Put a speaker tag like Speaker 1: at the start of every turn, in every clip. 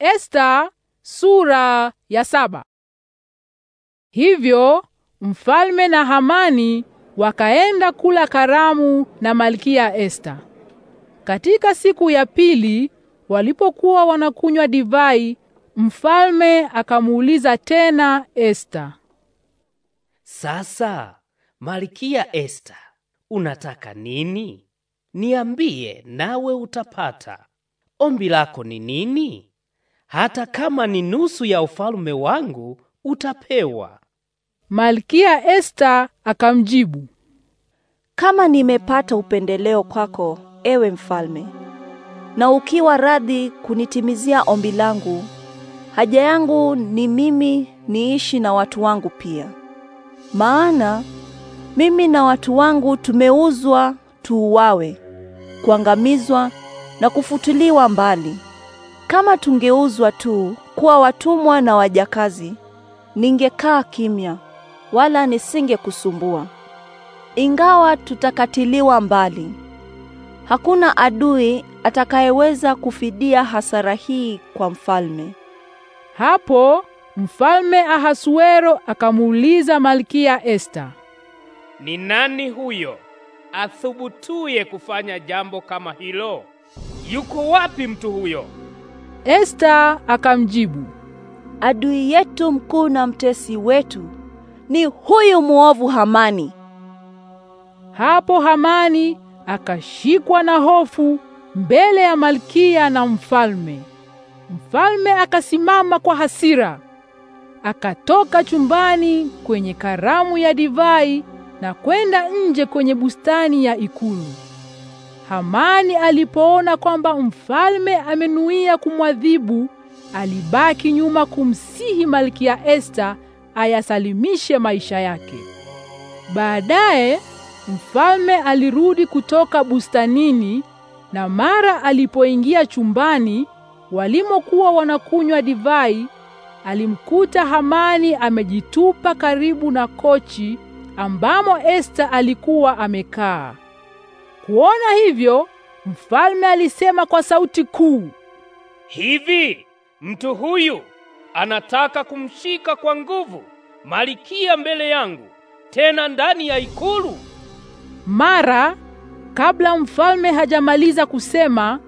Speaker 1: Esta sura ya saba. Hivyo mfalme na Hamani wakaenda kula karamu na Malkia Esta. Katika siku ya pili walipokuwa wanakunywa divai, mfalme akamuuliza tena Esta,
Speaker 2: "Sasa Malkia Esta, unataka nini? Niambie nawe utapata. Ombi lako ni nini?" hata kama ni nusu ya ufalme wangu utapewa.
Speaker 1: Malkia Esta akamjibu, kama nimepata
Speaker 3: upendeleo kwako, ewe mfalme, na ukiwa radhi kunitimizia ombi langu, haja yangu ni mimi niishi na watu wangu pia, maana mimi na watu wangu tumeuzwa tuuawe, kuangamizwa na kufutuliwa mbali. Kama tungeuzwa tu kuwa watumwa na wajakazi, ningekaa kimya, wala nisingekusumbua. Ingawa tutakatiliwa mbali, hakuna adui atakayeweza kufidia hasara hii
Speaker 1: kwa mfalme. Hapo mfalme Ahasuero akamuuliza Malkia Esta,
Speaker 2: ni nani huyo athubutuye kufanya jambo kama hilo? Yuko wapi mtu huyo?
Speaker 3: Esta akamjibu, adui yetu mkuu na mtesi wetu
Speaker 1: ni huyu muovu Hamani. Hapo Hamani akashikwa na hofu mbele ya malkia na mfalme. Mfalme akasimama kwa hasira, akatoka chumbani kwenye karamu ya divai na kwenda nje kwenye bustani ya ikulu. Hamani alipoona kwamba mfalme amenuia kumwadhibu, alibaki nyuma kumsihi Malkia Esta ayasalimishe maisha yake. Baadaye mfalme alirudi kutoka bustanini, na mara alipoingia chumbani walimokuwa wanakunywa divai, alimkuta Hamani amejitupa karibu na kochi ambamo Esta alikuwa amekaa kuona hivyo, mfalme alisema kwa sauti kuu,
Speaker 2: hivi mtu huyu anataka kumshika kwa nguvu malikia mbele yangu, tena ndani ya ikulu. Mara
Speaker 1: kabla mfalme hajamaliza kusema,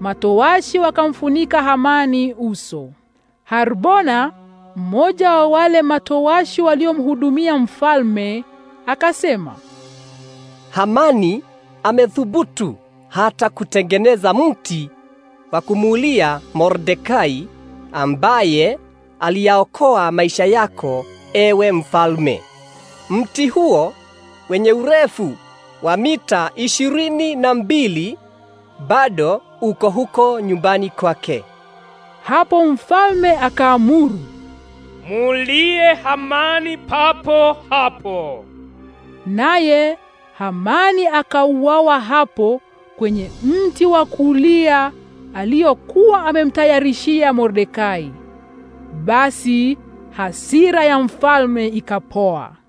Speaker 1: matowashi wakamfunika Hamani uso. Harbona, mmoja wa wale matowashi waliomhudumia
Speaker 4: mfalme, akasema, Hamani amethubutu hata kutengeneza mti wa kumuulia Mordekai ambaye aliyaokoa maisha yako, ewe mfalme. Mti huo wenye urefu wa mita ishirini na mbili bado uko huko nyumbani kwake. Hapo mfalme akaamuru,
Speaker 2: mulie Hamani papo hapo.
Speaker 1: Naye Hamani akauawa hapo kwenye mti wa kulia aliyokuwa amemtayarishia Mordekai. Basi hasira ya mfalme ikapoa.